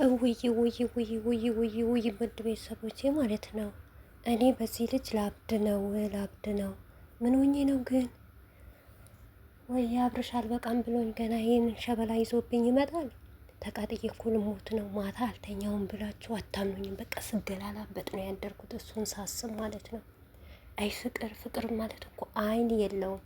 ውይ ውይ ውይ ውይ ውይ ውይ ውድ ቤተሰቦቼ ማለት ነው። እኔ በዚህ ልጅ ላብድ ነው ላብድ ነው። ምን ሆኜ ነው ግን? ወይ አብርሽ አልበቃም ብሎኝ ገና ይህንን ሸበላ ይዞብኝ ይመጣል። ተቃጥዬ እኮ ልሞት ነው። ማታ አልተኛውም ብላችሁ አታምኑኝም። በቃ ስገላላበት ነው ያደርኩት እሱን ሳስብ ማለት ነው። አይ ፍቅር ፍቅር ማለት እኮ አይን የለውም።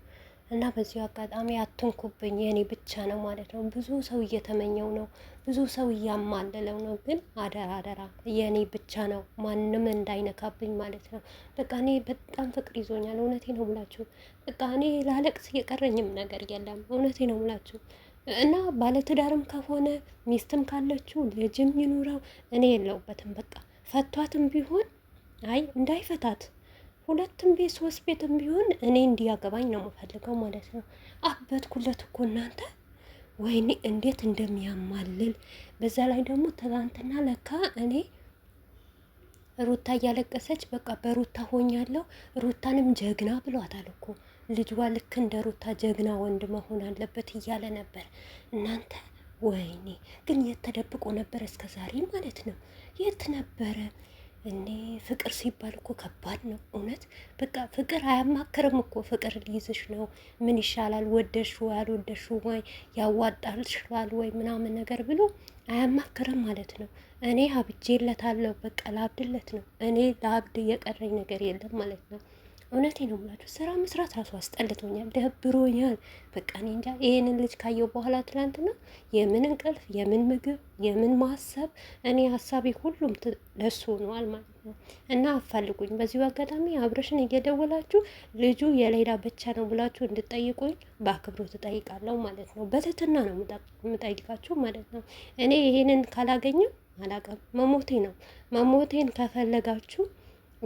እና በዚሁ አጋጣሚ አትንኩብኝ የኔ ብቻ ነው ማለት ነው። ብዙ ሰው እየተመኘው ነው፣ ብዙ ሰው እያማለለው ነው። ግን አደራ አደራ የኔ ብቻ ነው ማንም እንዳይነካብኝ ማለት ነው። በቃ እኔ በጣም ፍቅር ይዞኛል። እውነቴ ነው ሙላችሁ። በቃ እኔ ላለቅስ የቀረኝም ነገር የለም። እውነቴ ነው ሙላችሁ እና ባለትዳርም ከሆነ ሚስትም ካለችው ልጅም ይኑረው እኔ የለውበትም። በቃ ፈቷትም ቢሆን አይ እንዳይፈታት ሁለትም ቤት ሶስት ቤትም ቢሆን እኔ እንዲያገባኝ ነው የምፈልገው ማለት ነው። አበድኩለት እኮ እናንተ ወይኔ እንዴት እንደሚያማልል በዛ ላይ ደግሞ ትናንትና ለካ እኔ ሩታ እያለቀሰች በቃ በሩታ ሆኛለሁ። ሩታንም ጀግና ብሏታል እኮ ልጅዋ ልክ እንደ ሩታ ጀግና ወንድ መሆን አለበት እያለ ነበር። እናንተ ወይኔ ግን የት ተደብቆ ነበር እስከ ዛሬ ማለት ነው? የት ነበረ? እኔ ፍቅር ሲባል እኮ ከባድ ነው እውነት። በቃ ፍቅር አያማክርም እኮ ፍቅር ሊይዝሽ ነው ምን ይሻላል ወደሽው ያልወደሽው ወይ ያዋጣልሽላል ወይ ምናምን ነገር ብሎ አያማክርም ማለት ነው። እኔ አብጄለታለሁ በቃ ላብድለት ነው እኔ ለአብድ የቀረኝ ነገር የለም ማለት ነው። እውነቴ ነው የምላችሁ ስራ መስራት ራሱ አስጠልቶኛል፣ ደብሮኛል። በቃ እኔ እንጃ ይሄንን ልጅ ካየው በኋላ ነው የምን እንቅልፍ የምን ምግብ የምን ማሰብ እኔ ሀሳቢ ሁሉም ለሱ ሆኗል ማለት ነው። እና አፋልጉኝ በዚሁ አጋጣሚ አብረሽን እየደወላችሁ ልጁ የሌላ ብቻ ነው ብላችሁ እንድጠይቁኝ በአክብሮ ትጠይቃለሁ ማለት ነው። በትህትና ነው የምጠይቃችሁ ማለት ነው። እኔ ይሄንን ካላገኘም አላቀም መሞቴ ነው መሞቴን ከፈለጋችሁ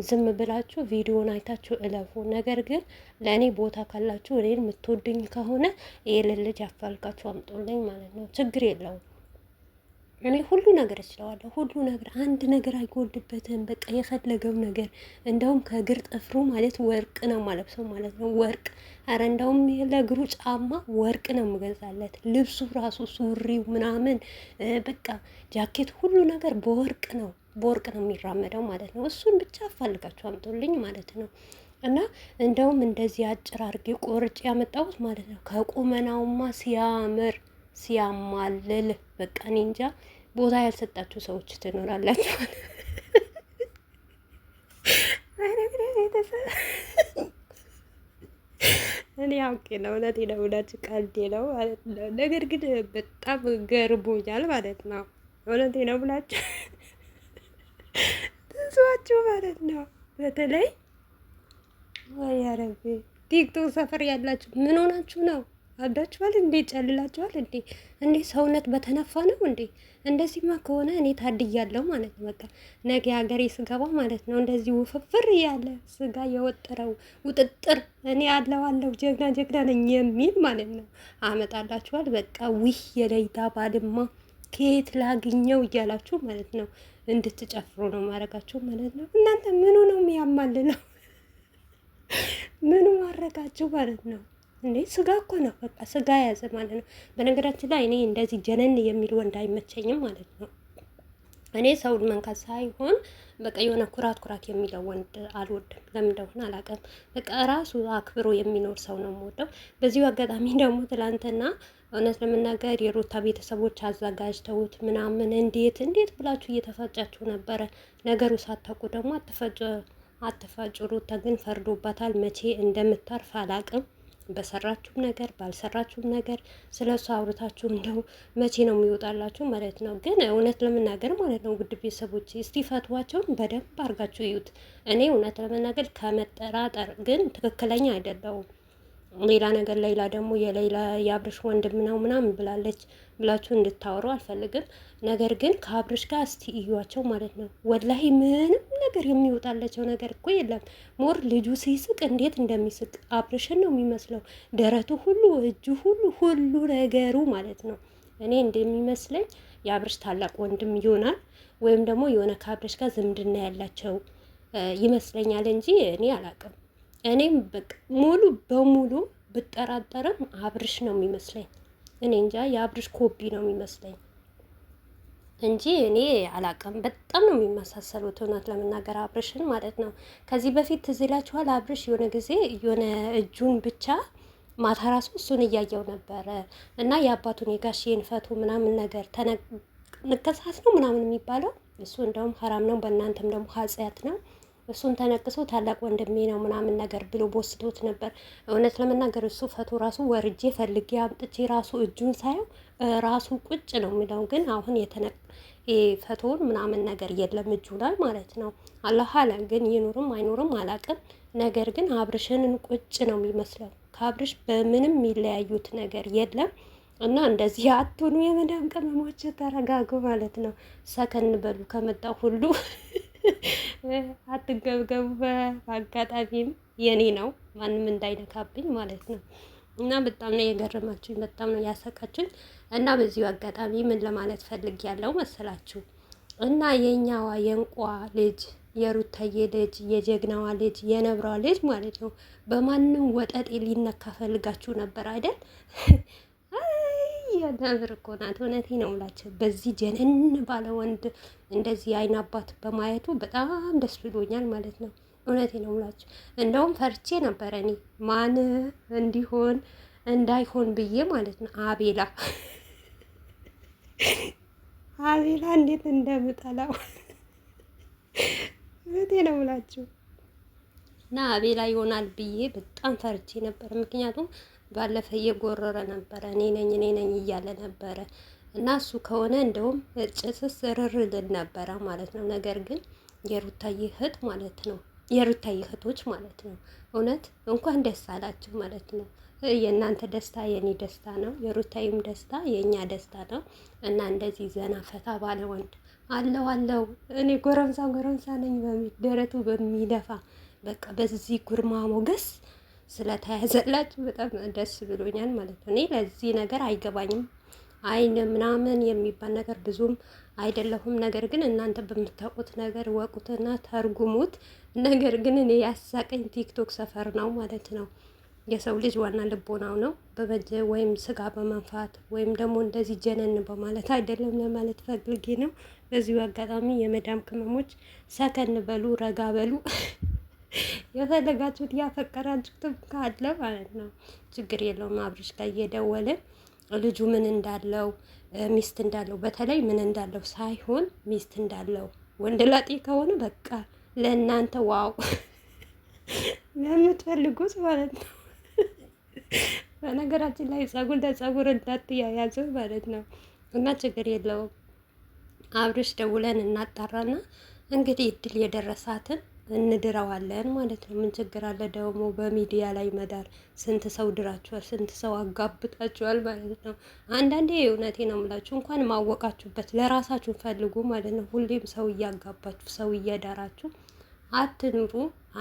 ዝም ብላችሁ ቪዲዮን አይታችሁ እለፉ። ነገር ግን ለእኔ ቦታ ካላችሁ እኔን የምትወድኝ ከሆነ ይሄንን ልጅ አፋልቃችሁ አምጦልኝ ማለት ነው። ችግር የለውም። እኔ ሁሉ ነገር እችለዋለሁ። ሁሉ ነገር አንድ ነገር አይጎልበትም። በቃ የፈለገው ነገር እንደውም ከእግር ጥፍሩ ማለት ወርቅ ነው ማለብሰው ማለት ነው። ወርቅ አረ እንደውም ለእግሩ ጫማ ወርቅ ነው የምገዛለት። ልብሱ ራሱ ሱሪው ምናምን በቃ ጃኬት፣ ሁሉ ነገር በወርቅ ነው በወርቅ ነው የሚራመደው ማለት ነው። እሱን ብቻ አፋልጋችሁ አምጡልኝ ማለት ነው። እና እንደውም እንደዚህ አጭር አርጌ ቆርጭ ያመጣሁት ማለት ነው። ከቁመናውማ ሲያምር ሲያማልል በቃ እኔ እንጃ ቦታ ያልሰጣችሁ ሰዎች ትኖራላችሁ። እኔ አውቄ ነው እውነቴ ነው እውነት ቀልዴ ነው ማለት ነው። ነገር ግን በጣም ገርቦኛል ማለት ነው። እውነቴ ነው ብላችሁ ትንሷችሁ ማለት ነው። በተለይ ወይ አረቤ ቲክቶክ ሰፈር ያላችሁ ምን ሆናችሁ ነው? አብዳችኋል እንዴ? ጨልላችኋል እንዴ? እንዴ ሰውነት በተነፋ ነው እንዴ? እንደዚህማ ከሆነ እኔ ታድያለሁ ማለት ነው። በቃ ነገ ሀገሬ ስገባ ማለት ነው እንደዚህ ውፍፍር ያለ ስጋ የወጠረው ውጥጥር እኔ አለው አለው ጀግና ጀግና ነኝ የሚል ማለት ነው አመጣላችኋል። በቃ ውህ የለይታ ባልማ ከየት ላግኘው እያላችሁ ማለት ነው እንድትጨፍሩ ነው ማድረጋችሁ ማለት ነው። እናንተ ምኑ ነው የሚያማልለው? ምኑ ማድረጋችሁ ማለት ነው እንዴ? ስጋ እኮ ነው በቃ ስጋ ያዘ ማለት ነው። በነገራችን ላይ እኔ እንደዚህ ጀነን የሚል ወንድ አይመቸኝም ማለት ነው። እኔ ሰውን መንካት ሳይሆን በቃ የሆነ ኩራት ኩራት የሚለው ወንድ አልወድም። ለምን እንደሆነ አላውቅም። በቃ ራሱ አክብሮ የሚኖር ሰው ነው የምወደው። በዚሁ አጋጣሚ ደግሞ ትላንትና እውነት ለመናገር የሩታ ቤተሰቦች አዘጋጅተውት ምናምን እንዴት እንዴት ብላችሁ እየተፋጫችሁ ነበረ። ነገሩ ሳታውቁ ደግሞ አትፋጩ። ሩታ ግን ፈርዶባታል። መቼ እንደምታርፍ አላውቅም። በሰራችሁም ነገር ባልሰራችሁም ነገር ስለ እሱ አውርታችሁ እንደው መቼ ነው የሚወጣላችሁ ማለት ነው። ግን እውነት ለመናገር ማለት ነው ውድ ቤተሰቦች እስቲ ፈትዋቸውን በደንብ አድርጋችሁ እዩት። እኔ እውነት ለመናገር ከመጠራጠር ግን ትክክለኛ አይደለውም። ሌላ ነገር ሌላ ደግሞ የሌላ የአብርሽ ወንድም ነው ምናምን ብላለች ብላችሁ እንድታወሩ አልፈልግም። ነገር ግን ከአብርሽ ጋር እስቲ እዩዋቸው ማለት ነው። ወላሂ ምንም ነገር የሚወጣላቸው ነገር እኮ የለም። ሞር ልጁ ሲስቅ እንዴት እንደሚስቅ አብርሽን ነው የሚመስለው። ደረቱ ሁሉ፣ እጁ ሁሉ፣ ሁሉ ነገሩ ማለት ነው። እኔ እንደሚመስለኝ የአብርሽ ታላቅ ወንድም ይሆናል ወይም ደግሞ የሆነ ከአብርሽ ጋር ዝምድና ያላቸው ይመስለኛል እንጂ እኔ አላቅም። እኔም በቃ ሙሉ በሙሉ ብጠራጠርም አብርሽ ነው የሚመስለኝ። እኔ እንጃ የአብርሽ ኮቢ ነው የሚመስለኝ እንጂ እኔ አላቅም። በጣም ነው የሚመሳሰሉት እውነት ለመናገር አብርሽን ማለት ነው። ከዚህ በፊት ትዝ ይላችኋል፣ አብርሽ የሆነ ጊዜ የሆነ እጁን ብቻ ማታ ራሱ እሱን እያየው ነበረ እና የአባቱን የጋሼን ፈቱ ምናምን ነገር ንከሳት ነው ምናምን የሚባለው እሱ እንደውም ሀራም ነው፣ በእናንተም ደግሞ ሀጽያት ነው እሱን ተነቅሶ ታላቅ ወንድሜ ነው ምናምን ነገር ብሎ በወስዶት ነበር። እውነት ለመናገር እሱ ፈቶ ራሱ ወርጄ ፈልጌ አምጥቼ ራሱ እጁን ሳየው ራሱ ቁጭ ነው የሚለው ግን አሁን የተነቅ ምናምን ነገር የለም እጁ ላይ ማለት ነው። አላህ አለ ግን ይኑርም አይኑርም አላቅም። ነገር ግን አብርሽንን ቁጭ ነው የሚመስለው። ከአብርሽ በምንም የሚለያዩት ነገር የለም። እና እንደዚህ አትሆኑ የመዳም ቅመሞች ተረጋጉ ማለት ነው። ሰከን በሉ ከመጣ ሁሉ አትገብገቡ። በአጋጣሚም የኔ ነው ማንም እንዳይነካብኝ ማለት ነው። እና በጣም ነው የገረማችሁኝ፣ በጣም ነው ያሰቃችሁኝ። እና በዚሁ አጋጣሚ ምን ለማለት ፈልግ ያለው መሰላችሁ እና የእኛዋ የእንቋ ልጅ የሩታዬ ልጅ የጀግናዋ ልጅ የነብሯ ልጅ ማለት ነው በማንም ወጠጤ ሊነካ ፈልጋችሁ ነበር አይደል? የነብር እኮ ናት። እውነቴ ነው የምላቸው በዚህ ጀነን ባለ ወንድ እንደዚህ አይን አባት በማየቱ በጣም ደስ ብሎኛል ማለት ነው። እውነቴ ነው የምላቸው እንደውም ፈርቼ ነበረ እኔ ማን እንዲሆን እንዳይሆን ብዬ ማለት ነው። አቤላ አቤላ እንዴት እንደምጠላው እውነቴ ነው የምላቸው እና አቤላ ይሆናል ብዬ በጣም ፈርቼ ነበር ምክንያቱም ባለፈ እየጎረረ ነበረ እኔ ነኝ እኔ ነኝ እያለ ነበረ እና እሱ ከሆነ እንደውም ጭስስ ርር ነበረ ማለት ነው። ነገር ግን የሩታዬ እህት ማለት ነው የሩታዬ እህቶች ማለት ነው እውነት እንኳን ደስ አላችሁ ማለት ነው። የእናንተ ደስታ የኔ ደስታ ነው። የሩታዬም ደስታ የእኛ ደስታ ነው እና እንደዚህ ዘና ፈታ ባለ ወንድ አለው አለው እኔ ጎረምሳ ጎረምሳ ነኝ በሚደረቱ ደረቱ በሚደፋ በቃ በዚህ ጉርማ ሞገስ ስለተያዘላችሁ በጣም ደስ ብሎኛል ማለት ነው። እኔ ለዚህ ነገር አይገባኝም አይን ምናምን የሚባል ነገር ብዙም አይደለሁም። ነገር ግን እናንተ በምታውቁት ነገር ወቁትና ተርጉሙት። ነገር ግን እኔ ያሳቀኝ ቲክቶክ ሰፈር ነው ማለት ነው። የሰው ልጅ ዋና ልቦናው ነው። በበጀ ወይም ስጋ በመንፋት ወይም ደግሞ እንደዚህ ጀነን በማለት አይደለም ለማለት ፈልጌ ነው። በዚሁ አጋጣሚ የመዳም ቅመሞች ሰከን በሉ፣ ረጋ በሉ። የፈለጋችሁት ያፈቀራችሁትም ካለ ማለት ነው ችግር የለውም። አብርሽ ላይ እየደወልን ልጁ ምን እንዳለው ሚስት እንዳለው በተለይ ምን እንዳለው ሳይሆን ሚስት እንዳለው ወንድ ላጤ ከሆነ በቃ ለእናንተ ዋው ለምትፈልጉት ማለት ነው። በነገራችን ላይ ጸጉር ለጸጉር እንዳትያያዙ ማለት ነው እና ችግር የለውም። አብርሽ ደውለን እናጣራና እንግዲህ እድል የደረሳትን እንድረዋለን ማለት ነው። ምን ችግር አለ ደግሞ በሚዲያ ላይ መዳር? ስንት ሰው ድራችኋል፣ ስንት ሰው አጋብታችኋል ማለት ነው። አንዳንዴ እውነቴ ነው የምላችሁ እንኳን ማወቃችሁበት ለራሳችሁ ፈልጉ ማለት ነው። ሁሌም ሰው እያጋባችሁ ሰው እየዳራችሁ አትኑሩ።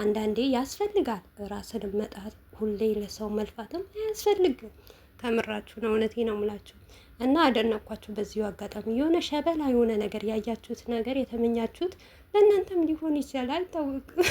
አንዳንዴ ያስፈልጋል ራስን መጣት፣ ሁሌ ለሰው መልፋትም አያስፈልግም። ከምራችሁ ነው፣ እውነቴ ነው የምላችሁ። እና አደነኳችሁ። በዚሁ አጋጣሚ የሆነ ሸበላ የሆነ ነገር ያያችሁት ነገር የተመኛችሁት ለእናንተም ሊሆን ይችላል አይታወቅም።